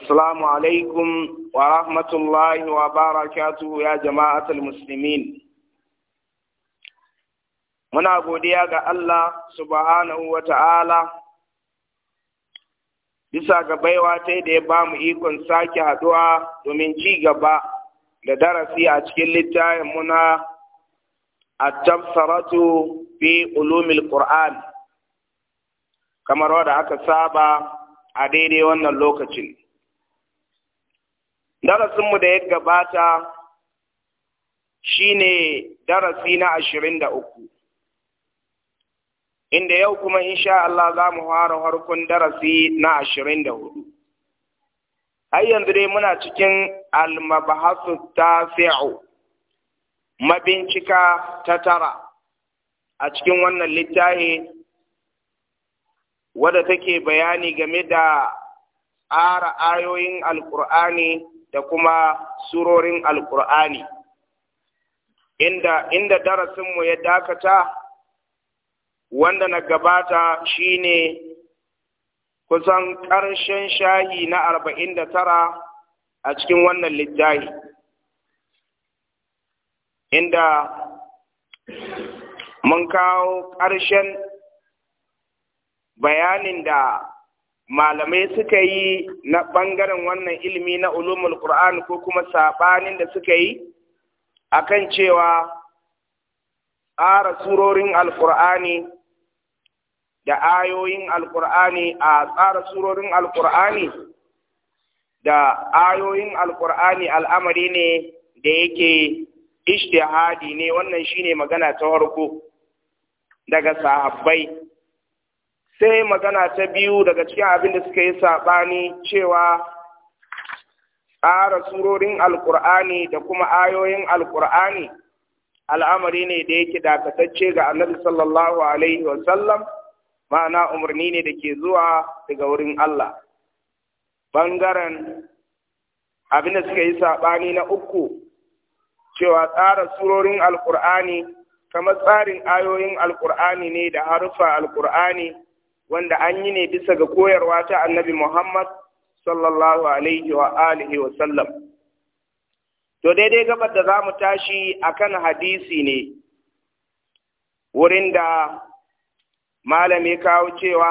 alaikum wa rahmatullahi wa barakatu! Ya jama'atul muslimin. muna godiya ga Allah subhanahu wa ta'ala bisa ga baiwa ta da ya ba mu ikon sake haɗuwa domin ci gaba da darasi a cikin littafin muna a tafsaratu fi ulumil Qur'an kamar wadda aka saba a daidai wannan lokacin. darasinmu da ya gabata shine darasi na ashirin da uku inda yau kuma insha Allah za mu fara harkun darasi na ashirin da hudu har yanzu dai muna cikin almabahasu tasi'u mabincika ta tara a cikin wannan littafi wadda take bayani game da tsara ayoyin alkur'ani da kuma surorin alkur'ani inda inda darasinmu ya dakata wanda na gabata shi ne kusan ƙarshen shahi na arba'in da tara a cikin wannan littafi inda mun kawo ƙarshen bayanin da malamai suka yi na ɓangaren wannan ilimi na ulumul Qur'an ko kuma saɓanin da suka yi akan cewa tsara surorin alƙur'ani da ayoyin alƙur'ani a tsara surorin alƙur'ani da ayoyin alƙur'ani al'amari ne da yake ishtihadi ne wannan shine magana ta farko daga sahabbai sai magana ta biyu daga cikin abin da suka yi saɓani cewa tsara surorin alkur'ani da kuma ayoyin alkur'ani al'amari ne da yake dakatacce ga annabi sallallahu alaihi wasallam ma'ana umarni ne da ke zuwa daga wurin Allah Bangaren abin da suka yi saɓani na uku cewa tsara surorin Alƙur'ani, kamar tsarin ayoyin Alƙur'ani ne da haruffa alkur'ani wanda an yi ne bisa ga koyarwa ta annabi Muhammad sallallahu alaihi wa alihi wa sallam. To daidai gabar da za mu tashi a kan hadisi ne, wurin da malami kawo cewa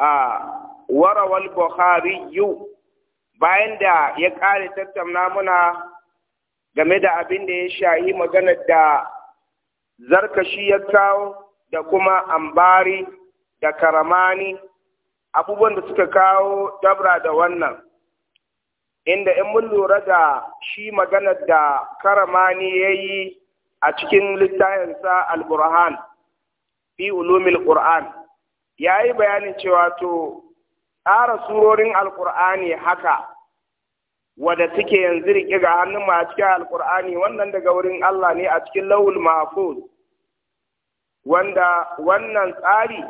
a warawal Buhari, yu bayan da ya ƙare tattauna muna game da abin da ya shahi maganar da zarkashi ya kawo da kuma ambari da karamani abubuwan da suka kawo dabra da wannan inda in mun lura da shi maganar da karamani ya yi a cikin littayensa al-burhan fi ulumil qur'an ya yi bayanin cewa to tsara surorin alkur'ani haka wadda suke yanzu rike ga hannun ma cikin alkur'ani wannan daga wurin Allah ne a cikin lawul mahfuz wanda wannan tsari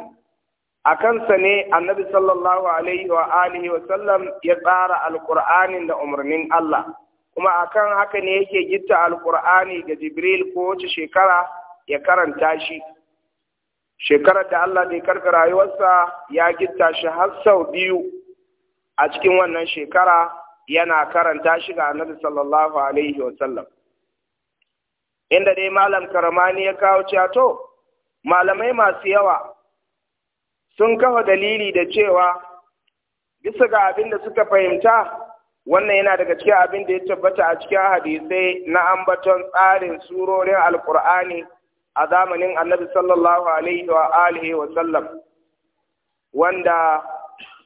a kansa ne annabi sallallahu alaihi wa alihi wa sallam ya tsara alkur'anin da umarnin Allah kuma akan haka ne yake gitta alkur'ani ga jibril ko wace shekara ya karanta shi shekarar da Allah bai karfi rayuwarsa ya gitta shi har sau biyu a cikin wannan shekara yana karanta shi ga annabi sallallahu alaihi wa sallam inda dai malam karamani ya kawo cewa to malamai masu yawa sun kafa dalili da cewa bisa ga abin da suka fahimta wannan yana daga cikin abin da ya tabbata a cikin hadisai na ambaton tsarin surorin alkur'ani a zamanin annabi sallallahu alaihi wa alihi wa sallam wanda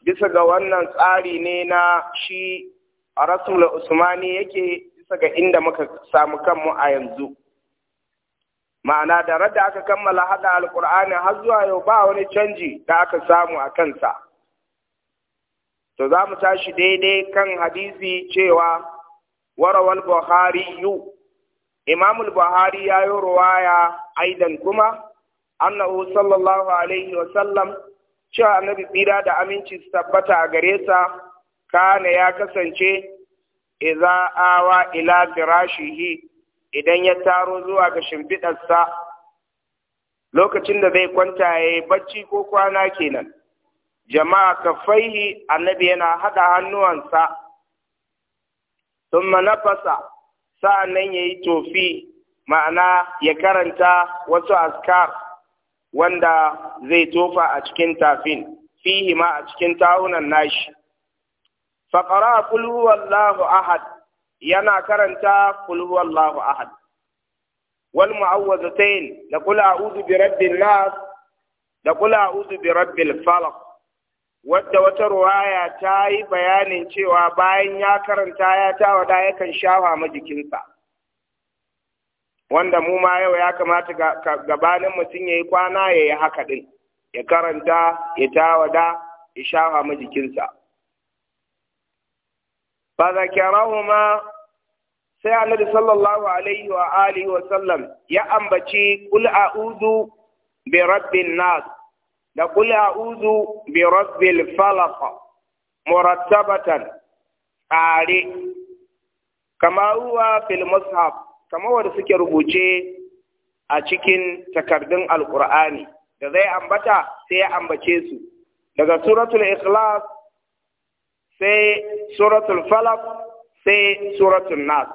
bisa ga wannan tsari ne na shi a rasul usmani yake bisa ga inda muka samu kanmu a yanzu ma'ana da radda aka kammala hada alkur'ani har zuwa yau ba wani canji da aka samu a kansa to za mu tashi daidai kan hadisi cewa warawal buhari yu al buhari ya yi ruwaya aidan kuma annahu sallallahu alaihi wa sallam cewa annabi tsira da aminci su tabbata a gare sa kana ya kasance idza awa ila firashihi idan ya taro zuwa ga shimfiɗarsa lokacin da zai kwanta ya yi bacci ko kwana kenan jama'a kafaihi annabi yana haɗa hannuwansa sun manafasa sa'annan ya yi tofi ma'ana ya karanta wasu askar wanda zai tofa a cikin tafin fihi a cikin tawunan nashi faƙara kulhu wallahu ahad yana karanta qul huwallahu ahad wal mu'awwazatayn da qul a'udhu bi rabbin nas da qul a'udhu bi rabbil falaq wadda wata ruwaya ta yi bayanin cewa bayan ya karanta ya tawada yakan shafa ma wanda mu ma yau ya kamata gabanin mutum ya yi kwana ya yi haka ɗin ya karanta ya tawada ya shafa ma jikinsa fa ma sai annabi sallallahu alaihi wa alihi wa sallam ya ambaci qul a'udhu bi rabbin nas da qul a'udhu bi rabbil falaq murattabatan tsare kama huwa fil mushaf kama wanda suke rubuce a cikin takardun alqur'ani da zai ambata sai ya ambace su daga suratul ikhlas sai suratul falak sai suratul nas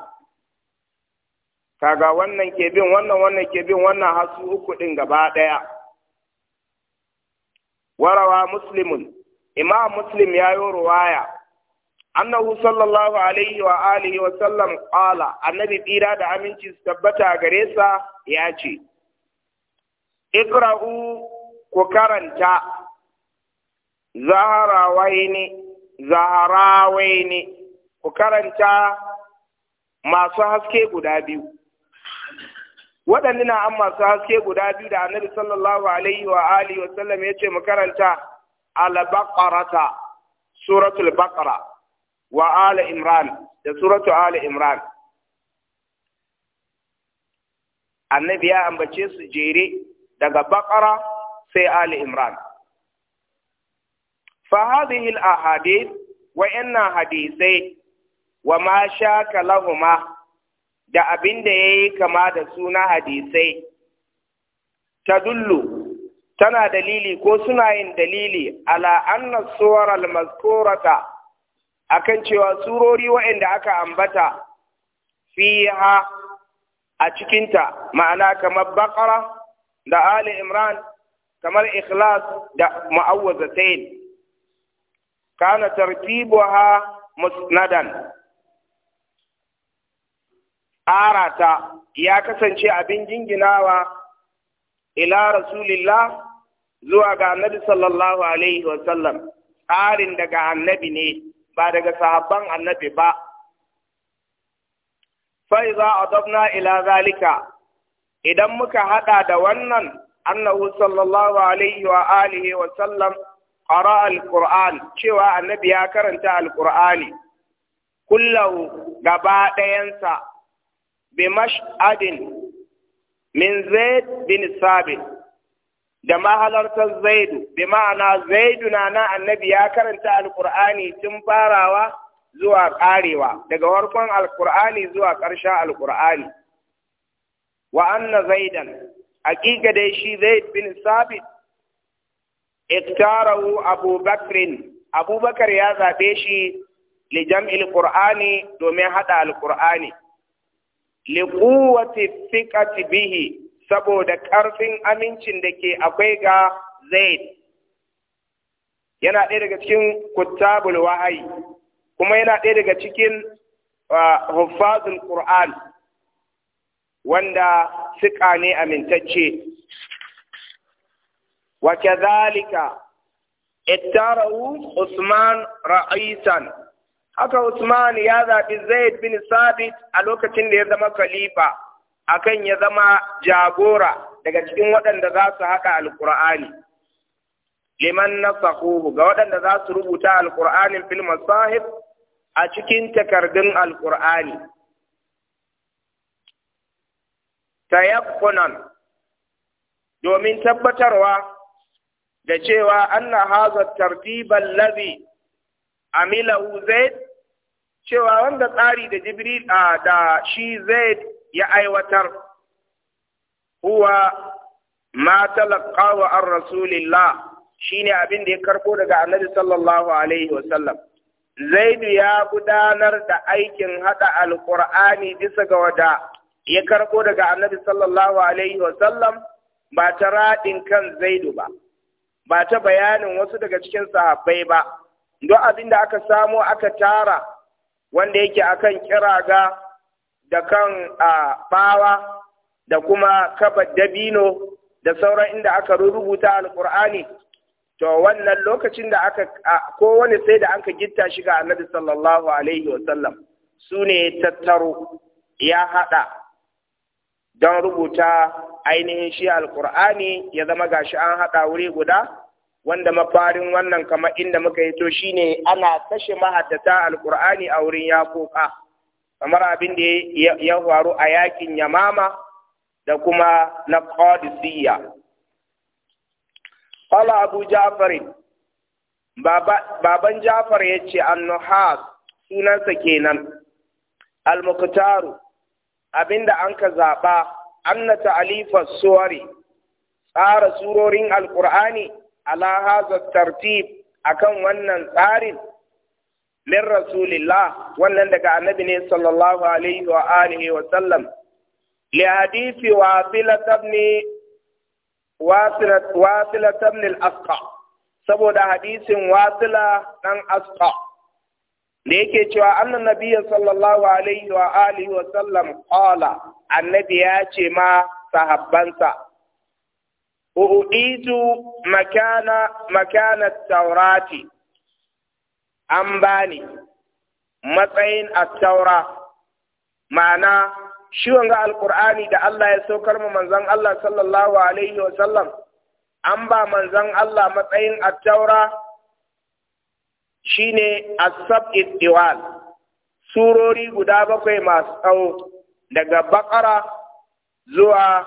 kaga wannan ke bin wannan wannan ke bin wannan hasu uku din gaba daya warawa muslimun imam muslim ya yi ruwaya annahu sallallahu alaihi wa alihi wa sallam qala annabi tsira da aminci su tabbata gare sa ya ce ikra'u ku karanta zahara waini ne. ku karanta masu haske guda biyu waɗannan an masu haske guda biyu da annabi sallallahu alaihi wa alihi wa sallam ya ce mu karanta al-baqarata suratul baqara wa ala imran da suratul ala imran annabi ya ambace su jere daga baqara sai ala imran فهذه الأحاديث وإن حديثي وما شاك لهما da abinda da ya yi kama da suna hadisai ta dullu tana dalili ko suna yin dalili ala anna suwar a akan cewa surori waɗanda aka ambata fiha a cikinta ma'ana kamar bakara da ali imran kamar ikhlas da ma'awwazatain kana ha musnadan arata ya kasance abin jinginawa ila rasulillah zuwa ga annabi sallallahu alaihi wasallam tsarin daga annabi ne ba daga sahabban annabi ba fa'iza adabna ila zalika idan muka hada da wannan annabi sallallahu alaihi wa alihi wa sallam qara alquran cewa annabi ya karanta alqurani kullahu gabaɗayansa ɗayansa bi min zaid bin sabit da mahalartar zaidu bi ma'ana zaidu na na annabi ya karanta Alƙur'ani tun farawa zuwa karewa daga farkon Alƙur'ani zuwa ƙarshen alkur'ani wa anna zaidan hakika dai shi zaid bin sabit iktarahu abu bakrin abu bakar ya zaɓe shi li jam'il domin haɗa alqur'ani li quwwati bihi saboda ƙarfin amincin da ke akwai ga zaid yana ɗaya daga cikin kuttabul wahayi kuma yana ɗaya daga cikin huffazul qur'an wanda siƙa ne amintacce وكذلك اتاره Usman رئيسا haka Usman ya zaɓi Zaid bin Sabit a lokacin da ya zama khalifa akan ya zama jagora daga cikin waɗanda za su haɗa alƙur'ani liman nasahuhu ga waɗanda za su rubuta alƙur'anin filma sahib a cikin takardun alƙur'ani Ta tayakkunan domin tabbatarwa da cewa anna haza tartiban lazi amilahu zaid cewa wanda tsari da jibril da shi zaid ya aiwatar huwa ma talaqahu an rasulillah shine abin da ya karko daga annabi sallallahu alaihi wasallam zaidu ya gudanar da aikin hada alqur'ani bisa ga wada ya karɓo daga annabi sallallahu alaihi wasallam ba ta raɗin kan zaidu ba ba ta bayanin wasu daga cikin sahabbai ba duk abin da aka samo aka tara wanda yake akan kiraga da kan bawa da kuma kabar dabino da sauran inda aka rubuta alkur'ani to wannan lokacin da aka ko wani sai da anka gitta shi ga annabi sallallahu alaihi wasallam su ne tattaro ya haɗa don rubuta ainihin shi alkur'ani ya zama gashi an haɗa wuri guda wanda mafarin wannan kama inda muka yi to shine ana kashe mahaddata alkur'ani a wurin yakoka kamar abin da ya faru a yakin yamama da kuma na qadisiyya qala abu ja'far baban ja'far yace an-nuhas sunansa kenan al-muqtaru abinda an ka zaɓa anna ta'alifas suwari tsara surorin alƙur'ani ala hazar tartib akan wannan tsarin min rasulillah wannan daga annabi ne sallallahu alaihi wa alihi wa sallam li hadisi wa filatabni wasilat wasilat asqa saboda hadisin wasila dan asqa da yake cewa annan nabiyya sallallahu alaihi wa alihi wa sallam qala annabi ya ce ma sahabbansa uitu makana makana taurati an bani matsayin at-taura ma'ana shi wanga alqur'ani da Allah ya saukar mu manzon Allah sallallahu alaihi wa sallam an ba manzon Allah matsayin at-taura shine a sabid surori guda bakwai masu tsawo daga bakara zuwa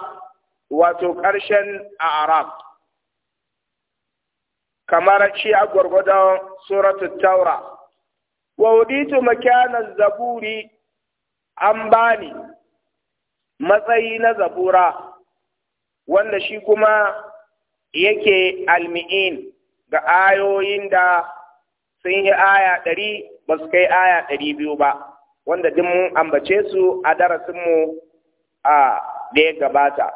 wato ƙarshen a arab kamar ci a gwargwadon taura wa wuditu makyanan zaburi an bani matsayi na zabura wanda shi kuma yake almi'in ga ayoyin da sun yi aya ɗari ba su kai aya ɗari biyu ba wanda duk mun ambace su a darasinmu a da ya gabata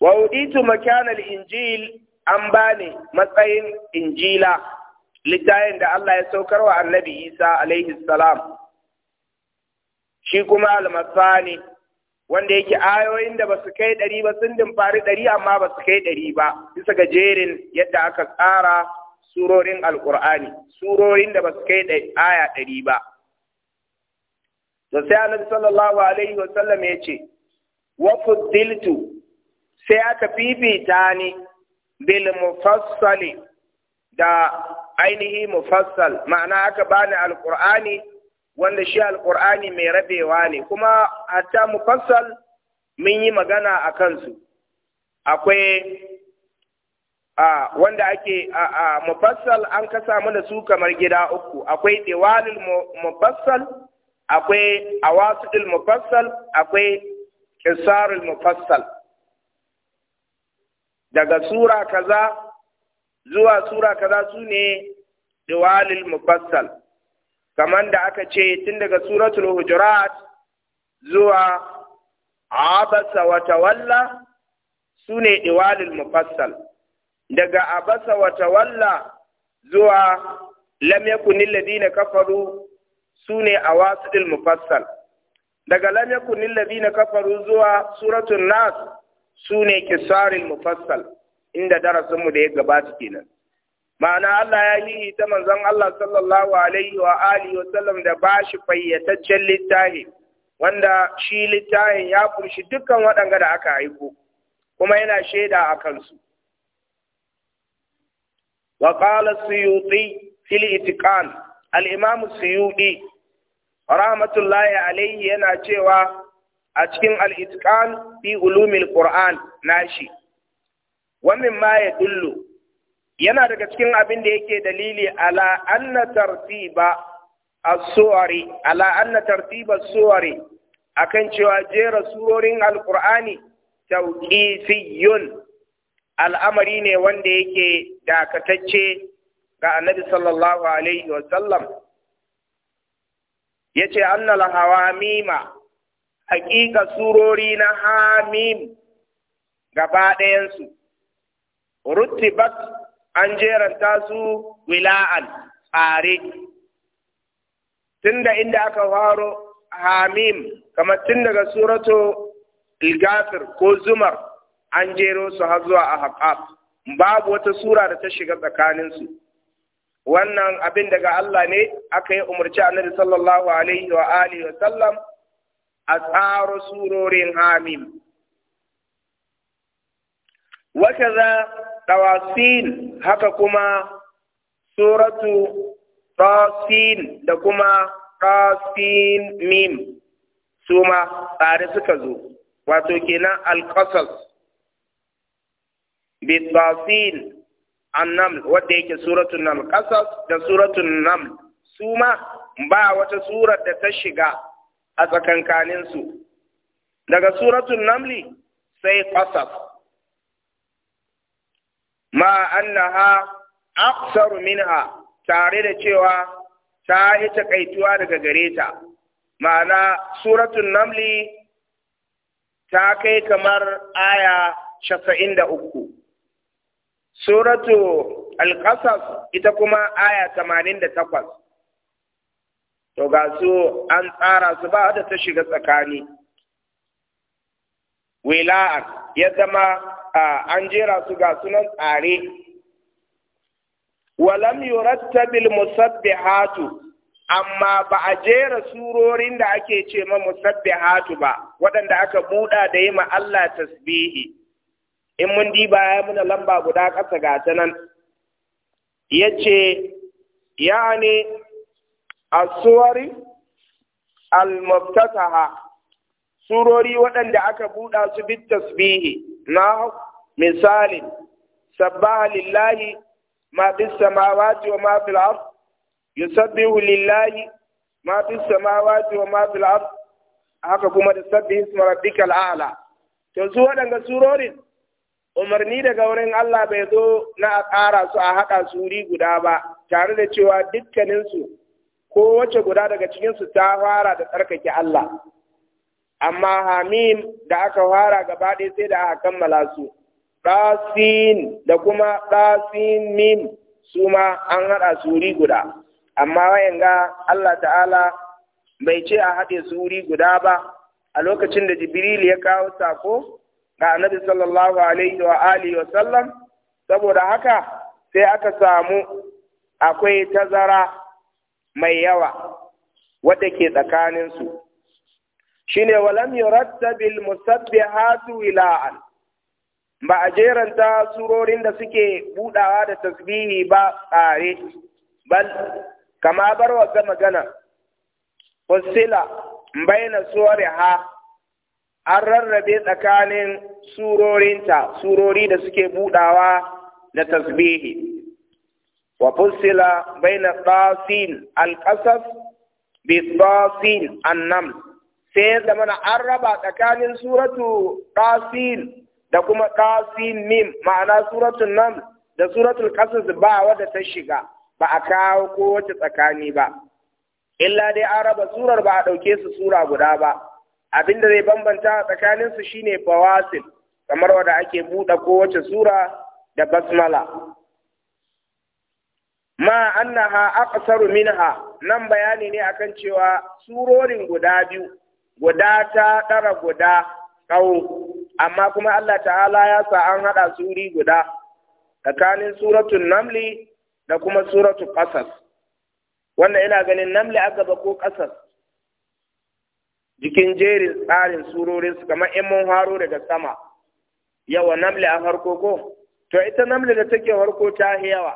wa uditu makanal injil an bani matsayin injila littafin da Allah ya saukar wa annabi Isa alaihi salam shi kuma ne. wanda yake ayoyin da basu kai ɗari ba sun dimfari ɗari amma basu kai ɗari ba bisa ga jerin yadda aka tsara surorin alkur'ani surorin da ba su kai aya ɗari ba to sai annabi sallallahu alaihi wa sallam ya ce wa fuddiltu sai aka fifita ni bil mufassali da ainihi mufassal ma'ana aka bani alkur'ani wanda shi alkur'ani mai rabewa ne kuma hatta mufassal mun yi magana a kansu akwai a wanda ake a a mufassal an kasa mana su kamar gida uku akwai diwalul mufassal akwai awasidul mufassal akwai kisarul mufassal daga sura kaza zuwa sura kaza su ne diwalul mufassal kamar da aka ce tun daga suratul hujurat zuwa abasa wa tawalla su ne diwalul mufassal daga abasa wata walla zuwa lam yakun alladhina kafaru sune awasil mufassal daga lam yakun alladhina kafaru zuwa suratul nas sune kisaril mufassal inda darasin mu da ya gabata kenan ma'ana Allah ya yi ta manzon Allah sallallahu alaihi wa alihi wa sallam da bashi fayyataccen littafi wanda shi littafin ya kurshi dukkan waɗanga da aka aiko kuma yana shaida a kansu wa ƙala suyuti fili itikan al’imamu suyuti rahmatullahi alaihi yana cewa a cikin al’itikan fi ulumil ƙoran na shi wani ma ya dullu yana daga cikin abin da yake dalili ala annatar tiba a tsohari ala cewa jera tsohorin al’ur’ani tauki fi yun al'amari ne wanda yake dakatacce ga annabi sallallahu alaihi wasallam ya ce annal hawamima hakika surori na hamim gaba ɗayansu rutibat an jeranta su wila'an tsare tunda inda aka faro hamim kamar tun daga suratu ilgafir ko zumar an jero su har zuwa a haƙa babu wata sura da ta shiga tsakanin su wannan abin daga Allah ne aka yi umarci annabi sallallahu alaihi wa alihi wa sallam a tsaro surorin hamim za tawasil haka kuma suratu tasin da kuma tasin mim su ma tare suka zo wato kenan alƙasas bitasil annam wadda yake suratun naml da suratul naml suma ba wata surar da ta shiga a tsakankaninsu daga suratun namli sai ƙasas. ma annaha aktsaru minha tare da cewa ta yi takaituwa daga gare ta ma'ana suratun namli ta kai kamar aya uku. suratu al ita kuma aya tamanin da takwas. to ga su an tsara su ba da ta shiga tsakani wila'an ya zama an jera su ga sunan tsare walam yurattabil musabbihatu amma ba a jera surorin da ake ce ma musabbihatu ba waɗanda aka buɗa da yi ma Allah tasbihi in mun diba ya muna lamba guda ƙasa ga ta nan ya ce ya ne a suwari almuftasaha surori waɗanda aka buɗa su bi tasbihi na misalin sabbaha lillahi ma fi samawati wa ma fil sabbi yusabbihu lillahi ma fi samawati wa ma fi ard haka kuma da sabbihi isma rabbikal a'la to su waɗanda surorin umarni daga wurin Allah bai zo na a ƙara su a haɗa su wuri guda ba tare da cewa dukkaninsu ko wace guda daga cikinsu ta fara da tsarkake Allah amma hamim da aka fara gaba ɗaya sai da aka kammala su ɗasin da kuma ɗasin mim su ma an haɗa su wuri guda amma wayan ga Allah ta'ala bai ce a haɗe su wuri guda ba a lokacin da jibril ya kawo sako ga annabi sallallahu alaihi wa alihi wa sallam saboda haka sai aka samu akwai tazara mai yawa wadda ke tsakanin su shine walam yurattabil musabbihatu ila'an ba a jeranta surorin da suke budawa da tasbihi ba tsare bal kama bar wa magana wasila baina suwariha an rarrabe tsakanin surorinta surori da suke budawa da tasbihi wa fusila baina tasin alqasas bi tasin annam sai da mana an raba tsakanin suratu tasin da kuma tasin mim ma'ana suratu nam da suratul qasas ba wadda ta shiga ba a kawo kowace tsakani ba illa dai an raba surar ba a ɗauke su sura guda ba abin da zai bambanta tsakanin su shine bawasil kamar wanda ake buɗe kowace sura da basmala ma annaha aqsaru minha nan bayani ne akan cewa surorin guda biyu guda ta ɗara guda kawo amma kuma Allah ta'ala ya sa an haɗa suri guda tsakanin suratun namli da kuma suratu ƙasas wanda ina ganin namli a gaba ko ƙasas jikin jerin tsarin surorin su kamar in mun haro daga sama yawa namle a harko ko to ita namle da take harko ta yawa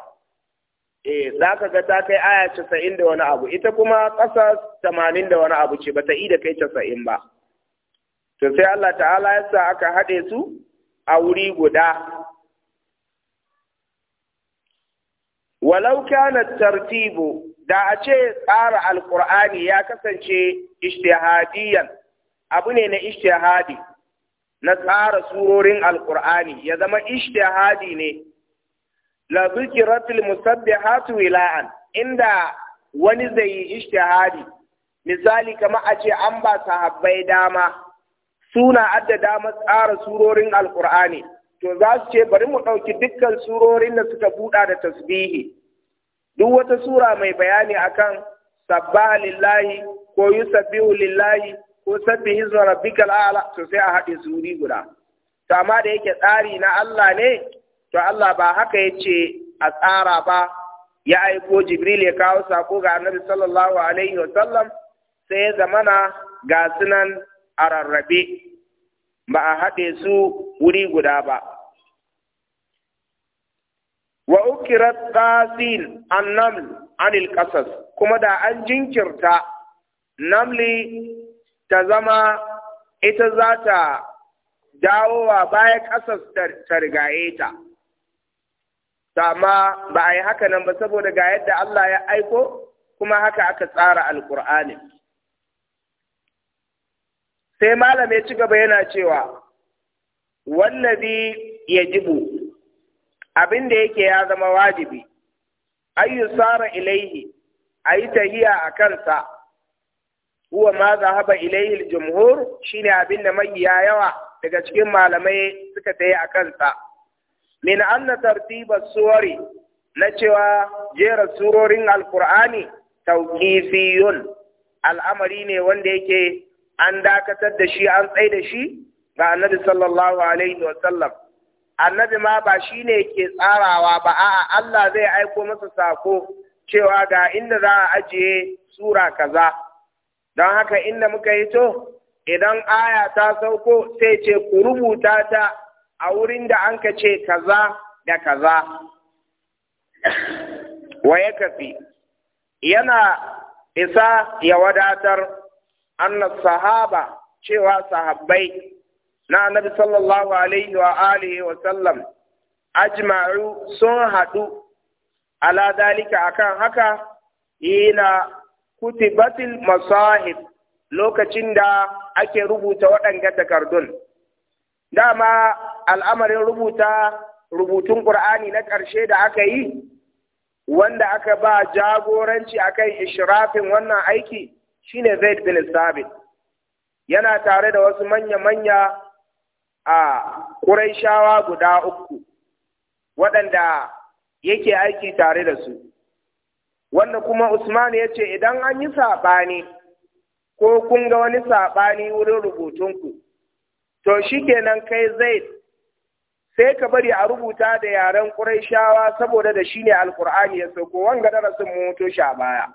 eh za ka ga ta kai aya casa'in da wani abu ita kuma ƙasa tamanin da wani abu ce ba ta da kai casa'in ba to sai Allah ta'ala ya sa aka haɗe su a wuri guda walau kana tartibu da a ce tsara alkur'ani ya kasance ishtihadiyan abu ne na ishtihadi na tsara surorin alkur'ani ya zama ishtihadi ne la zikratul musabbihatu wila'an inda wani zai yi ishtihadi misali kamar a ce an ba sahabbai dama suna adda dama tsara surorin Alƙur'ani. to za su ce bari mu ɗauki dukkan surorin da suka buɗa da tasbihi duk wata sura mai bayani akan sabbaha lillahi ko yusabbihu lillahi ko sabbi hizma rabbikal a'la to sai a haɗe suri guda to amma da yake tsari na Allah ne to Allah ba haka yace a tsara ba ya aiko Jibril ya kawo sako ga Annabi sallallahu alaihi wa sallam sai ya zamana ga sunan ararrabe ba a hade su wuri guda ba wa ukirat qasil annaml anil qasas kuma da an jinkirta namli ta zama ita za ta dawowa baya ƙasas ta rigaye ta amma ba a yi haka nan ba saboda ga yadda Allah ya aiko kuma haka aka tsara alkur'ani sai malam ya ci gaba yana cewa wannabi ya jibu abin da yake ya zama wajibi ayyu sara ilaihi ayi tahiya a kansa huwa ma zahaba ilaihi al-jumhur shine abin da mai yawa daga cikin malamai suka tayi a kansa min anna tartiba suwari na cewa jera surorin alqur'ani tawqifiyun al'amari ne wanda yake an dakatar da shi an tsaida da shi ga annabi sallallahu alaihi wa annabi ma ba shi ne ke tsarawa ba a'a Allah zai aiko masa sako cewa ga inda za a ajiye sura kaza don haka inda muka yi to idan aya ta sauko sai ce ku rubuta ta a wurin da an ce kaza da kaza wa yana isa ya wadatar annas sahaba cewa sahabbai na annabi sallallahu alaihi wa alihi wa sallam ajma'u sun haɗu ala dalika akan haka ina kutibatil masahib lokacin da ake rubuta waɗanga takardun dama al'amarin rubuta rubutun ƙur'ani na ƙarshe da aka yi wanda aka ba jagoranci akan ishrafin wannan aiki shine Zaid bin Sabit yana tare da wasu manya-manya a ƙuraishawa guda uku waɗanda yake aiki tare da su wanda kuma usman ya ce idan an yi saɓani ko kun ga wani saɓani wurin rubutunku to shi kenan kai zai sai ka bari a rubuta da yaren ƙuraishawa saboda da shi ne alƙur'ani ya sauko wanga darasin moto sha baya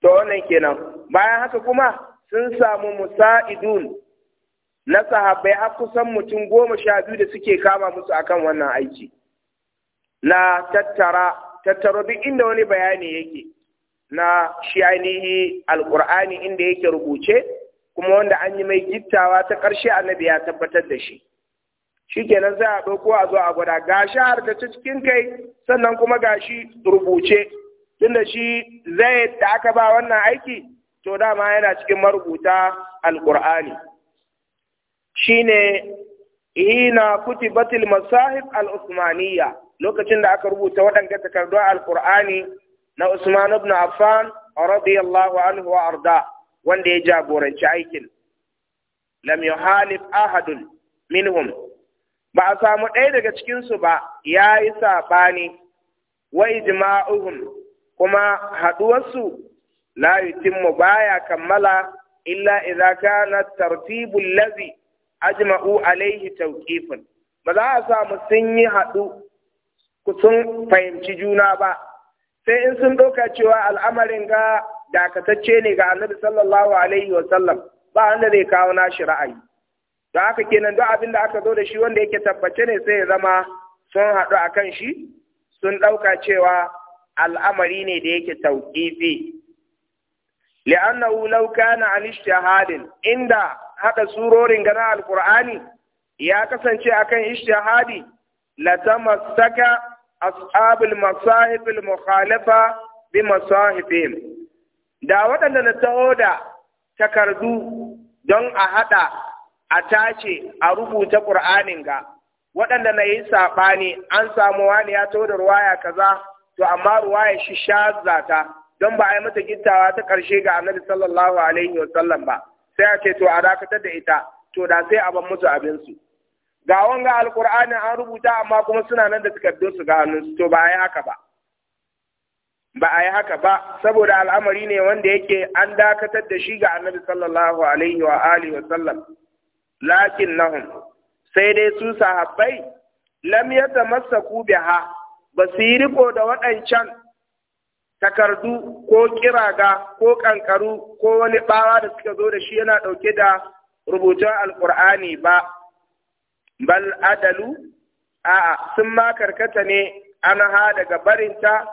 to wannan kenan bayan haka kuma sun samu musa'idun na sahabbai a kusan mutum goma sha biyu da suke kama musu akan wannan aiki na tattara tattaro duk inda wani bayani yake na shi ainihi alkur'ani inda yake rubuce kuma wanda an yi mai gittawa ta ƙarshe annabi ya tabbatar da shi Shi shikenan za a ɗauko a zo a gwada gashi ta cikin kai sannan kuma ga shi rubuce tunda shi zai da aka ba wannan aiki to dama yana cikin marubuta alkur'ani shine ina kutibatil masahib al-usmaniyya lokacin da aka rubuta waɗanda takardu al-qur'ani na Usman ibn Affan radiyallahu anhu wa arda wanda ya jagoranci aikin lam yuhalif ahadun minhum ba a samu ɗaya daga cikinsu ba ya yi saɓani wa ijma'uhum kuma haɗuwarsu la yutimmu baya kammala illa idza kana tartibul ladhi ajma'u alaihi tawqifun ba za a samu sun yi haɗu sun fahimci juna ba sai in sun ɗauka cewa al'amarin ga dakatacce ne ga annabi sallallahu alaihi wa sallam ba wanda zai kawo nashi ra'ayi da haka kenan duk abin da aka zo da shi wanda yake tabbace ne sai ya zama sun haɗu a kan shi sun ɗauka cewa al'amari ne da yake tauƙifi li'annahu law kana an shahadin, inda haɗa surorin gana alkur'ani ya kasance akan ishtihadi la tamassaka ashabul masahib al mukhalafa bi masahibihim da waɗanda na taho da takardu don a haɗa a tace a rubuta ƙur'anin ga waɗanda na yi saɓani an samu wani ya taho da ruwaya kaza to amma ruwaya shi sha zata don ba a yi mata gittawa ta ƙarshe ga annabi sallallahu alaihi wa ba sai a ce to a dakatar da ita to da sai a ban musu su. ga wanga alkur'ani an rubuta amma kuma suna nan da takardun su ga hannunsu to ba a yi haka ba ba a haka ba saboda al'amari ne wanda yake an dakatar da shi ga annabi sallallahu alaihi wa alihi wa sallam lakin nahum sai dai su sahabbai lam yatamassaku biha ba su yi riko da waɗancan takardu ko kiraga ko kankaru ko wani bawa da suka zo da shi yana ɗauke da rubutun alkur'ani ba bal adalu a'a sun ma karkata ne an ha daga barinta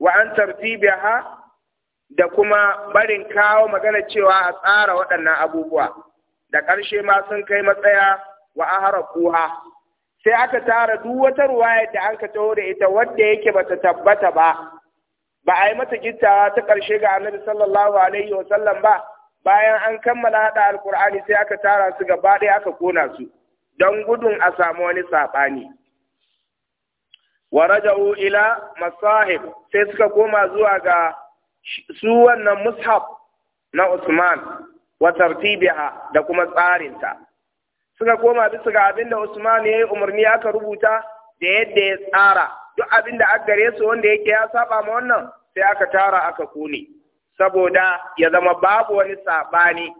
wa an tartibiha da kuma barin kawo magana cewa a tsara waɗannan abubuwa da ƙarshe ma sun kai matsaya wa aharaquha sai aka tara duk wata ruwaya da an ka taho da ita wadda yake bata tabbata ba ba a yi mata gittawa ta ƙarshe ga annabi sallallahu alaihi wa sallam ba bayan an kammala haɗa alkur'ani sai aka tara su gaba ɗaya aka kona su don gudun a samu wani saɓani wa raja'u ila masahib sai suka koma zuwa ga su wannan mushaf na Usman wa tartibiha da kuma tsarinta suka koma bisa ga abin da Usman ya yi umarni aka rubuta da yadda ya tsara duk abin da aka gare su wanda yake ya saba ma wannan sai aka tara aka kone saboda ya zama babu wani sabani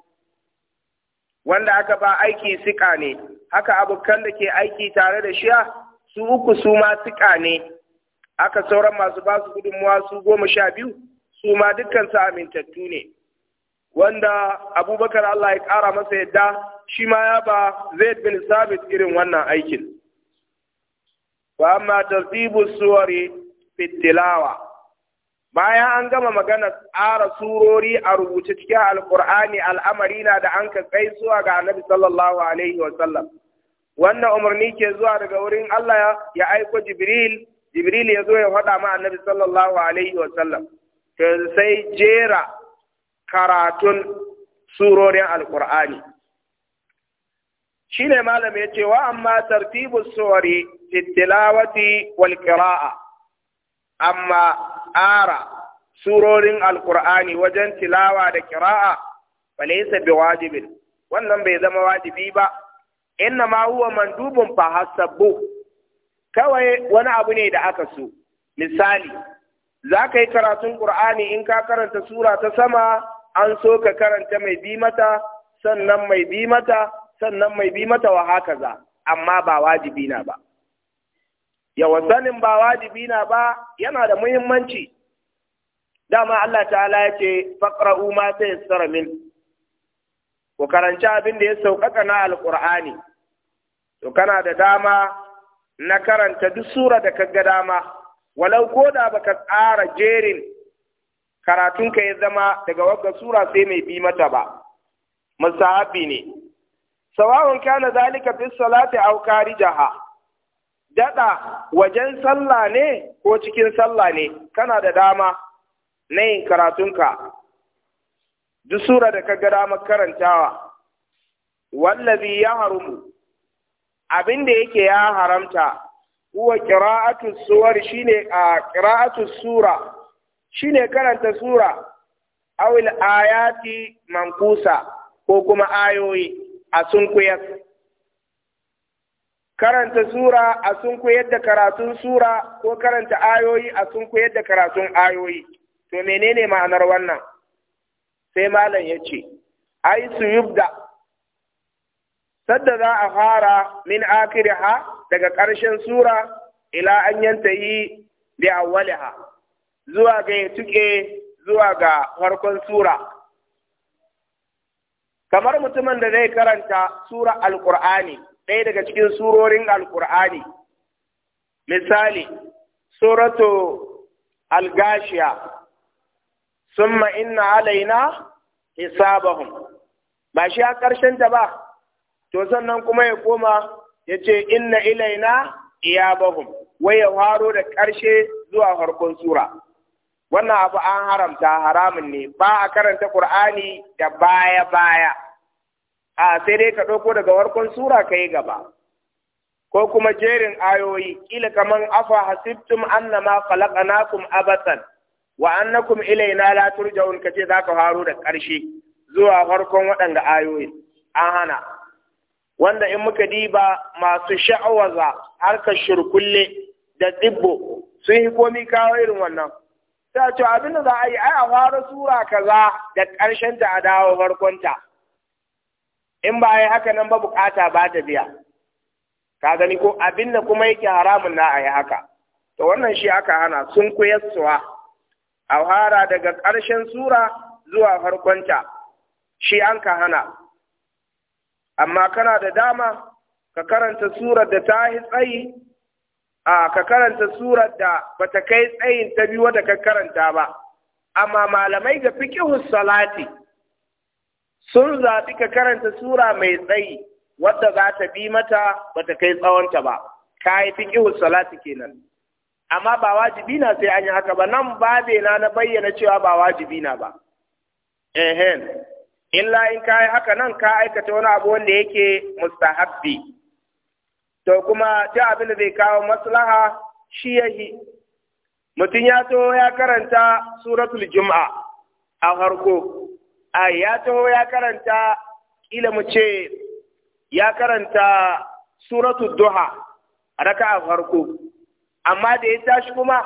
wanda aka ba aiki sika ne haka abokan da ke aiki tare da shiya su uku su ma sika ne aka sauran masu ba su gudunmuwa su goma sha biyu su ma dukkan su amintattu ne wanda abubakar Allah ya ƙara masa yadda shi ma ya ba zaid bin sabit irin wannan aikin wa amma tartibu suwari fitilawa bayan an gama magana ƙara surori a rubuce cikin alkur'ani al'amari na da an kai zuwa ga annabi sallallahu alaihi wa sallam wannan umarni ke zuwa daga wurin Allah ya aiko jibril jibril ya zo ya faɗa ma annabi sallallahu alaihi wa sallam to sai jera karatun surorin alkur'ani ne malam ya ce wa amma tartibu suwari tilawati wal qira'a amma ara surorin Alƙur'ani wajen tilawa da qira'a falaysa biwajibin wannan bai zama wajibi ba inna ma huwa mandubun fa hasabu kawai wani abu ne da aka so misali za ka yi karatun ƙur'ani in ka karanta sura ta sama an so ka karanta mai bi mata sannan mai bi mata sannan mai bi mata wa haka amma ba wajibi na ba yawa sanin ba wajibi na ba yana da muhimmanci dama Allah ta'ala ya ce faqra'u ma tayassara min ku karanci abin da ya sauƙaƙa na alƙur'ani to kana da dama na karanta duk sura da kaga dama walau ko da baka tsara jerin karatunka ya zama daga wakka sura sai mai bi mata ba musahabi ne sawawan kana zalika fi salati aw karijaha dada wajen sallah ne ko cikin sallah ne kana da dama na yin ka. duk sura da ka ga damar karantawa wallazi ya harumu abin da yake ya haramta huwa qira'atu suwar shine a qira'atu sura shine karanta sura awil ayati mankusa ko kuma ayoyi a sunkuyar karanta sura a sunkuyar da karatun sura ko karanta ayoyi a sunkuyar da karatun ayoyi to menene ma'anar wannan sai malam ya ce ai su yubda sadda za a fara min akiriha daga ƙarshen sura ila an yanta yi bi awwaliha zuwa ga ya tuke zuwa ga farkon sura kamar mutumin da zai karanta sura alkur'ani ɗaya daga cikin surorin alqur'ani misali suratu al summa inna alaina hisabahum ba shi a ƙarshen ta ba to sannan kuma ya koma ya ce inna ilaina iyabahum wai ya faro da ƙarshe zuwa farkon sura wannan abu an haramta haramun ne ba a karanta Qur'ani da baya baya a sai dai ka ɗauko daga warkon sura ka yi gaba ko kuma jerin ayoyi kila kamar afa hasibtum annama khalaqnakum abatan wa annakum ilaina la turja'un kace zaka haru da ƙarshe zuwa farkon waɗanda ayoyin an hana wanda in muka diba masu sha'awaza harkar shirkulle da tsibbo sun yi komi kawo irin wannan ta ce abin da za a yi ai a fara sura kaza da ƙarshen ta a dawo farkonta in ba yi haka nan ba bukata ba ta biya ka gani ko abin da kuma yake haramun na a yi haka to wannan shi aka hana sun kuyassuwa a fara daga ƙarshen sura zuwa farkonta shi an ka hana amma kana da dama ka karanta surar da ta yi tsayi a ka karanta surar da bata kai tsayin ta biyu wadda ka karanta ba amma malamai ga fiqhus salati sun zaɓi ka karanta sura mai tsayi wadda za ta bi mata bata kai tsawonta ba ka yi fiqhus salati kenan amma ba wajibi na sai an yi haka ba nan babe na na bayyana cewa ba wajibi na ba ehen illa in ka yi haka nan ka aikata wani abu wanda yake mustahabbi to kuma ta abin da zai kawo maslaha shi yi. mutum ya taho ya karanta suratul jum'a a harko. a ya taho ya karanta ila mu ce ya karanta suratul duha raka a farko amma da ya tashi kuma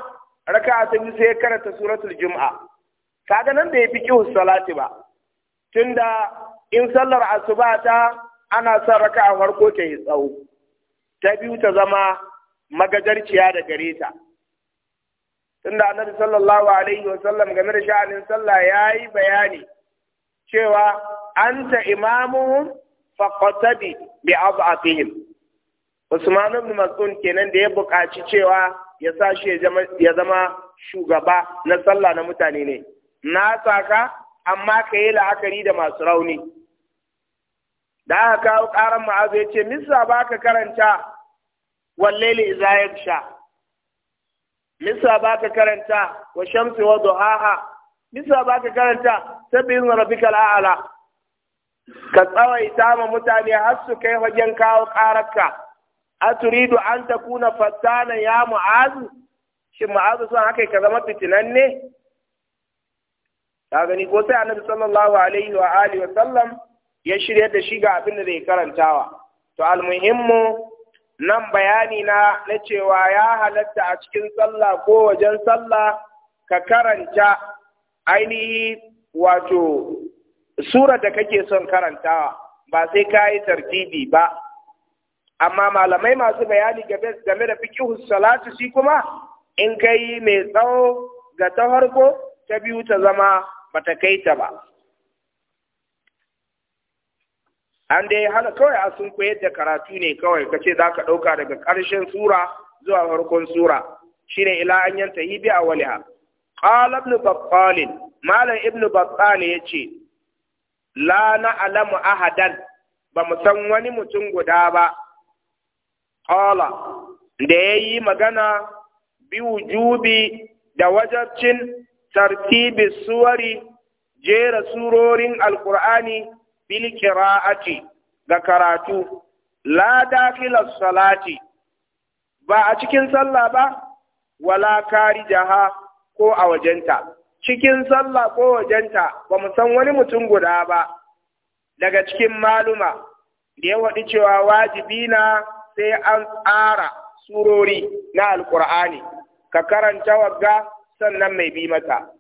raka a sai ya karanta suratul jum'a kaga nan da ya fi kihu salati ba tunda in sallar asuba ta ana son raka a farko ta yi tsawo ta biyu ta zama magajarciya da gare ta tunda annabi sallallahu alaihi wasallam game da sha'anin sallah ya yi bayani cewa anta imamuhum faqatabi bi adafihim Usman ibn Mas'ud kenan da ya buƙaci cewa ya sa shi ya zama shugaba na sallah na mutane ne na saka amma ka yi la'akari da masu rauni da aka kawo ƙaran ma'azu ya ce misa ba ka karanta wallele iza ya sha misa ba ka karanta wa shamsi wa duhaha misa ba ka karanta sabbin rabbikal a'la ka tsawaita ma mutane har su kai wajen kawo ƙararka a turidu an ta kuna fattana ya mu'azu shin mu'azu sun haka ka zama fitinan ne ta gani ko sai annabi sallallahu alaihi wa alihi wa sallam ya shirya da shi ga abin da zai karantawa to almuhimmu nan bayani na na cewa ya halatta a cikin sallah ko wajen sallah ka karanta ainihi wato sura da kake son karantawa ba sai ka yi tartibi ba amma malamai masu bayani game da fiqhu salatu shi kuma in kai mai tsawo ga ta farko ta biyu ta zama bata kai ta ba an dai hana kawai a sun koyar da karatu ne kawai kace za ka ɗauka daga ƙarshen sura zuwa farkon sura shine ila an yanta hi bi awaliha qala ibn battal malam ibn battal yace la na alamu ahadan ba mu san wani mutum guda ba qala da yayi magana bi wujubi da wajabcin tartibi suwari jera surorin alqur'ani bil qira'ati ga karatu la dakila salati ba a cikin sallah ba wala kari jaha ko a wajenta cikin sallah ko wajenta ba mu san wani mutum guda ba daga cikin maluma da ya waɗi cewa wajibi na sai an tsara surori na Alƙur'ani? ka karanta wagga sannan mai bi mata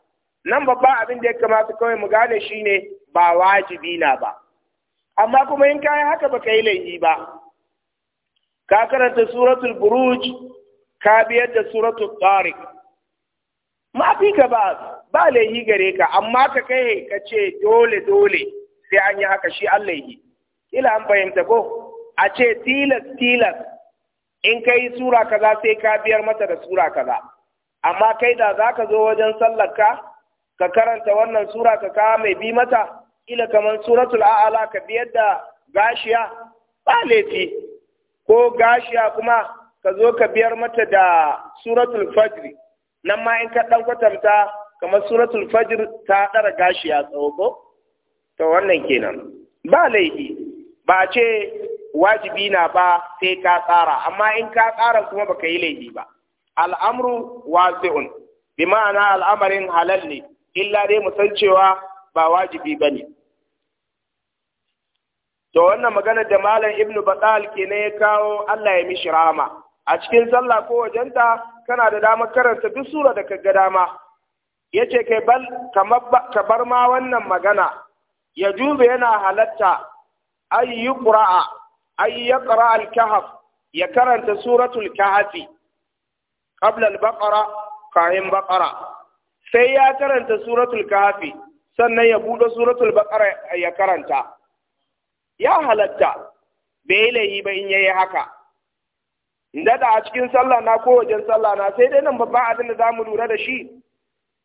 nan babba abin da ya kamata kawai mu gane shine ba wajibi na ba amma kuma in kayi haka ka yi laifi ba ka karanta suratul buruj ka biyar da suratul tariq ma fi ka ba ba laifi gare ka amma ka kai ka ce dole dole sai an yi haka shi Allah yi kila an fahimta ko a ce tilas tilas in kai sura kaza sai ka biyar mata da sura kaza amma kai da zaka zo wajen sallar ka ka karanta wannan sura ka ka mai bi mata ila kamar suratul a'ala ka biyar da gashiya ba laifi ko gashiya kuma ka zo ka biyar mata da suratul fajri nan ma in ka dan kwatanta kamar suratul fajr ta dara gashiya tsawo ko to wannan kenan ba laifi ba ce wajibi na ba sai ka tsara amma in ka tsara kuma baka yi laifi ba al'amru wasi'un bi ma'ana al'amarin halal ne illa dai mu san cewa ba wajibi bane to wannan magana da malam ibnu batal ne ya kawo Allah ya mishi rama a cikin sallah ko wajenta kana da damar karanta duk sura da kaga dama yace kai bal ka bar ma wannan magana ya jube yana halatta ay yuqra'a ay yaqra al-kahf ya karanta suratul kahfi qabla al-baqara kahin baqara sai ya karanta suratul kahfi sannan ya bude suratul baqara ya karanta ya halatta bai layi ba in yayi haka dada a cikin sallah na ko wajen sallah na sai dai nan babban abin da zamu lura da shi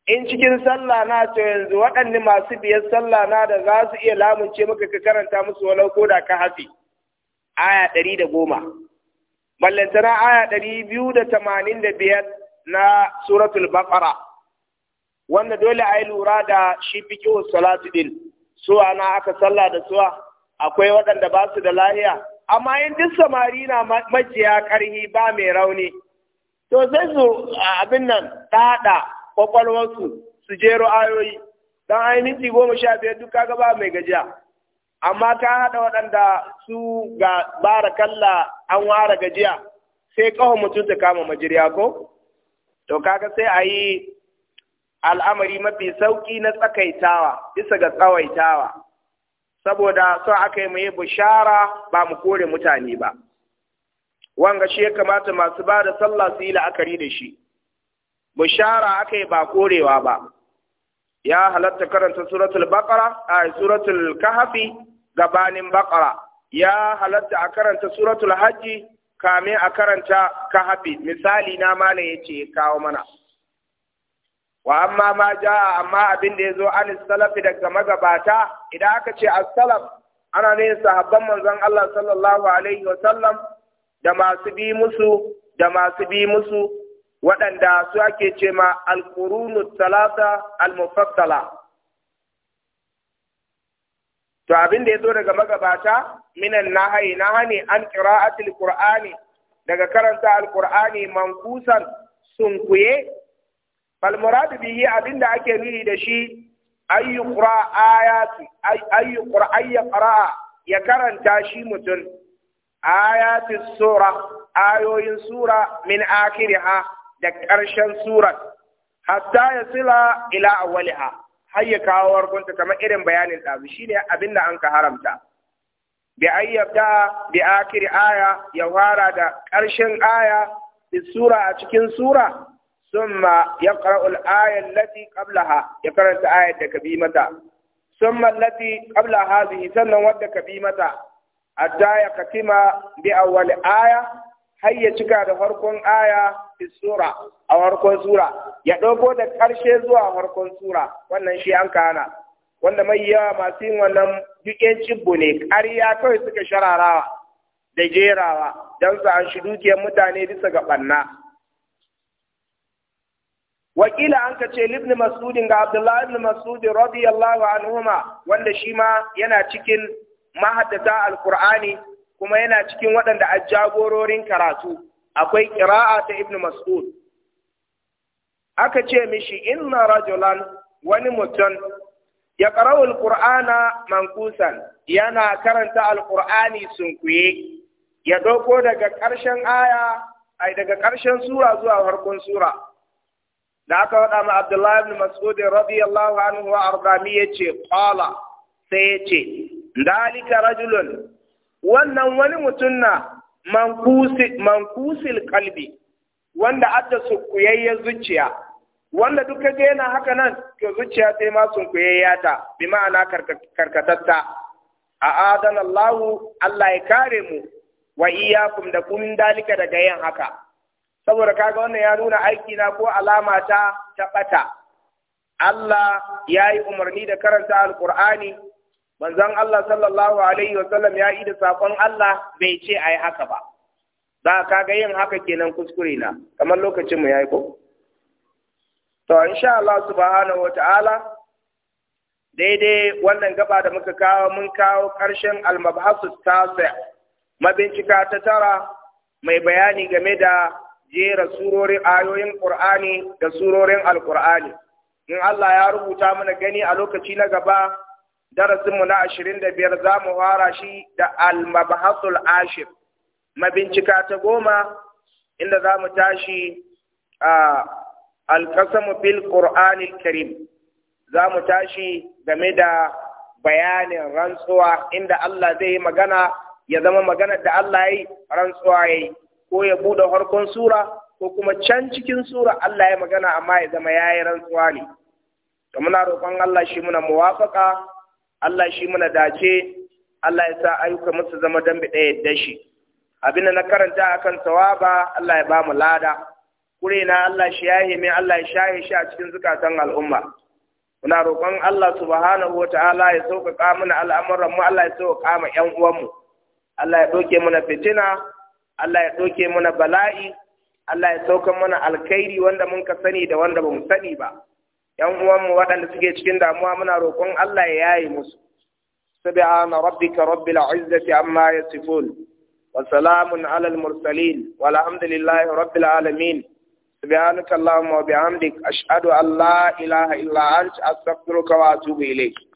in cikin sallah na to yanzu waɗanne masu biyar sallah na da za su iya lamunce maka ka karanta musu walau ko da ka hafi aya ɗari da goma mallantana aya ɗari biyu da tamanin da biyar na suratul baqara wanda dole a yi lura da shi fiqhu salatu din suwa na aka sallah da suwa akwai waɗanda ba su da lahiya amma in duk samari na majiya ƙarhi ba mai rauni to sai su abin nan ɗaɗa ƙwaƙwalwarsu su jero ayoyi don ainihin goma sha biyar duk kaga ba mai gajiya amma ka haɗa waɗanda su ga bara kalla an ware gajiya sai kawo mutum ta kama majiriya ko to kaga sai a yi al'amari mafi sauƙi na tsakaitawa bisa ga tsawaitawa saboda so aka yi mu yi bishara ba mu kore mutane ba wanga shi ya kamata masu ba da sallah su yi la'akari da shi bishara aka yi ba korewa ba ya halatta karanta suratul baqara a suratul kahafi gabanin baqara ya halatta a karanta suratul hajji kamin a karanta kahafi. misali na malam yace kawo mana wa amma ma jaa amma abin da yazo an salafi daga magabata idan aka ce as-salaf ana ne sahabban manzon Allah sallallahu alaihi wa sallam da masu bi musu da masu bi musu waɗanda su ake ce ma al-qurunu talata al-mufassala to abin da yazo daga magabata minan nahayi nahani an qira'atil qur'ani daga karanta al-qur'ani mankusan sunkuye fal muradu bihi abinda ake nuni da shi ayati ya karanta shi mutum ayati sura ayoyin sura min akhiriha da ƙarshen sura hatta yasila ila awwaliha har ya kawo warkunta kamar irin bayanin ɗazu shine abinda da an ka haramta bi ayyabda bi akiri aya ya fara da ƙarshen aya sura a cikin sura ثم يقرأ الآية التي قبلها يقرأ الآية كبيمة ثم التي قبل هذه سنة ود كبيمة حتى يختم بأول آية هيا تكا هركون آية في السورة أو هركون سورة يدوبو ده كارشي زوا هركون سورة وانا shi an وانا ميا ما سين وانا yin wannan duken cibbo ne ƙarya kawai suka shararawa da متاني don su wakila an ka ce libni masudin ga abdullahi ibn masudi radiyallahu anhuma wanda shi ma yana cikin mahaddata alqur'ani kuma yana cikin waɗanda a jagororin karatu akwai ƙira'a ta ibn mas'ud aka ce mishi inna rajulan wani mutum ya ƙarau alƙur'ana mankusan yana karanta alƙur'ani sunkuye ya ɗauko daga ƙarshen aya ai daga ƙarshen sura zuwa harkon sura da aka faɗa ma Abdullahi ibn Mas'ud radiyallahu anhu wa ardami yace qala sai yace dalika rajulun wannan wani mutum na mankusi mankusil kalbi wanda adda kuyayya zuciya wanda duka ga yana haka nan to zuciya sai ma kuyayya ta bi ma'ana karkatatta a adan Allah Allah ya kare mu wa iyyakum da kun dalika daga yin haka saboda kaga wannan ya nuna aiki na ko alama ta ɓata, Allah ya yi umarni da karanta alqur'ani manzon Allah sallallahu alaihi wa sallam ya yi da sakon Allah bai ce a haka ba za ka ga yin haka kenan kuskure na kamar lokacin mu yayi ko to insha Allah subhanahu Ta'ala. daidai wannan gaba da muka kawo mun kawo ƙarshen almabhasu tasi mabincika ta tara mai bayani game da jera surorin ayoyin Qur'ani da surorin Al-Qur'ani in Allah ya rubuta mana gani a lokaci na gaba darasinmu na ashirin da biyar za mu fara shi da al-mabhasul ashir mabincika ta goma inda za mu tashi a alkasamu bil qur'ani karim za mu tashi game da bayanin rantsuwa inda Allah zai yi magana ya zama magana da Allah ya yi rantsuwa ya yi ko ya buɗe harkon sura ko kuma can cikin sura Allah ya magana amma ya zama ya yi rantsuwa ne to muna roƙon Allah shi muna muwafaka Allah shi muna dace Allah ya sa ayyuka musu zama dambe ɗaya yadda shi abin da na karanta akan tawaba Allah ya ba mu lada kure na Allah shi ya yi min Allah ya shaye shi a cikin zukatan al'umma muna roƙon Allah subhanahu wa ta'ala ya sauƙaƙa mana al'amuran mu Allah ya sauƙaƙa ma ƴan uwanmu Allah ya ɗauke mana fitina Allah ya ɗauke mana bala'i Allah ya sauka mana alkhairi wanda mun ka sani da wanda bamu sani ba yan uwanmu waɗanda suke cikin damuwa muna roƙon Allah ya yaye musu سبحان ربك رب العزة عما يصفون وسلام على المرسلين والحمد لله رب العالمين سبحانك اللهم وبحمدك أشهد أن لا إله إلا أنت أستغفرك وأتوب إليك